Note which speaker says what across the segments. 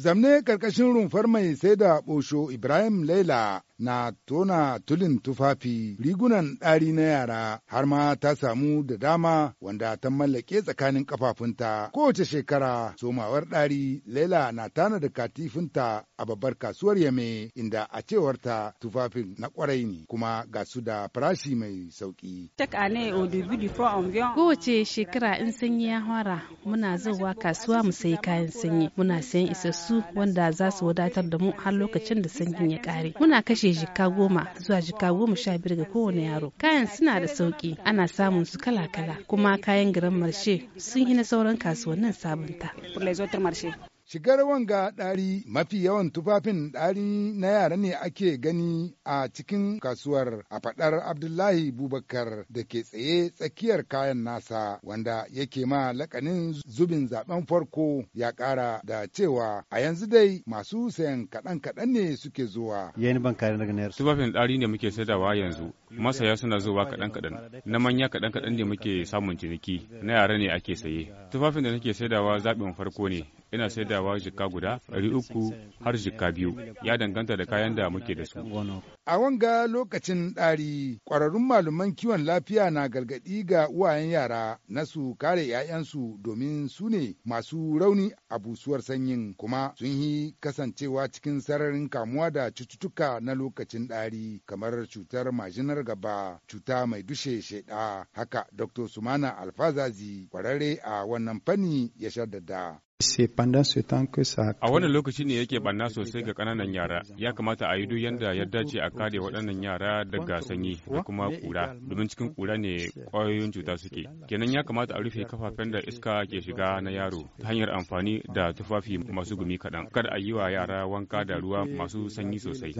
Speaker 1: Zamne ƙarƙashin rumfar mai sai da ɓosho Ibrahim Laila na tona tulin tufafi rigunan ɗari na yara har ma ta samu da dama wanda ta mallake tsakanin kafafunta kowace shekara somawar ɗari laila na tana da katifinta a babbar kasuwar yame inda a cewar ta tufafin na kwarai ne kuma ga su da farashi mai sauki
Speaker 2: kowace shekara in sanyi ya hara muna zuwa kasuwa mu sayi kayan sanyi muna sayan isassu wanda za su wadatar da mu har lokacin da sanyin ya kare muna kashe ake jika goma zuwa jika goma sha biyar ga kowane yaro kayan suna da sauki ana samun su kala kala kuma kayan garan marshe sun yi na sauran kasuwannin sabunta
Speaker 1: Shigar wanga ɗari mafi yawan tufafin ɗari na yara ne ake gani a cikin kasuwar a faɗar Abdullahi Bubakar da ke tsaye tsakiyar kayan nasa wanda yake ma lakanin zubin zaben farko ya ƙara da cewa a yanzu dai masu sayan kaɗan-kaɗan ne suke zuwa.
Speaker 3: Yayin ban kare daga nayar. Tufafin ɗari ne muke saidawa yanzu. Masaya suna zuwa kaɗan-kaɗan. Na manya kaɗan-kaɗan ne muke samun ciniki. Na yara ne ake saye. Tufafin da nake saidawa zaɓin farko ne. Ina saidawa saidawa jika guda ɗari uku har jika biyu ya danganta da kayan da muke da su.
Speaker 1: A wanga lokacin ɗari ƙwararrun malaman kiwon lafiya na gargaɗi ga uwayen yara na su kare 'ya'yansu domin su ne masu rauni a busuwar sanyin kuma sun yi kasancewa cikin sararin kamuwa da cututtuka na lokacin ɗari kamar cutar majinar gaba cuta mai dushe sheda haka Dr. Sumana Alfazazi kwararre a wannan fanni ya shaddada.
Speaker 3: A wani lokaci ne yake banna sosai ga ƙananan yara, ya kamata a yi duk yadda ya dace a kare waɗannan yara daga sanyi da kuma kura, domin cikin kura ne ƙwayoyin cuta suke. Kenan ya kamata a rufe kafafen da iska ke shiga na yaro ta hanyar amfani da tufafi masu gumi kaɗan. Kada a yi wa yara wanka da ruwa masu sanyi sosai.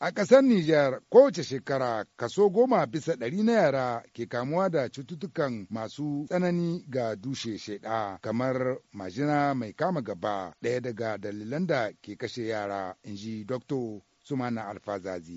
Speaker 1: A ƙasar Nijar kowace shekara kaso goma bisa ɗari na yara ke kamuwa da cututtukan masu tsanani ga dushe shaiɗa kamar cutar majina mai kama gaba ɗaya daga dalilan da ke kashe yara in ji dr sumana alfazazi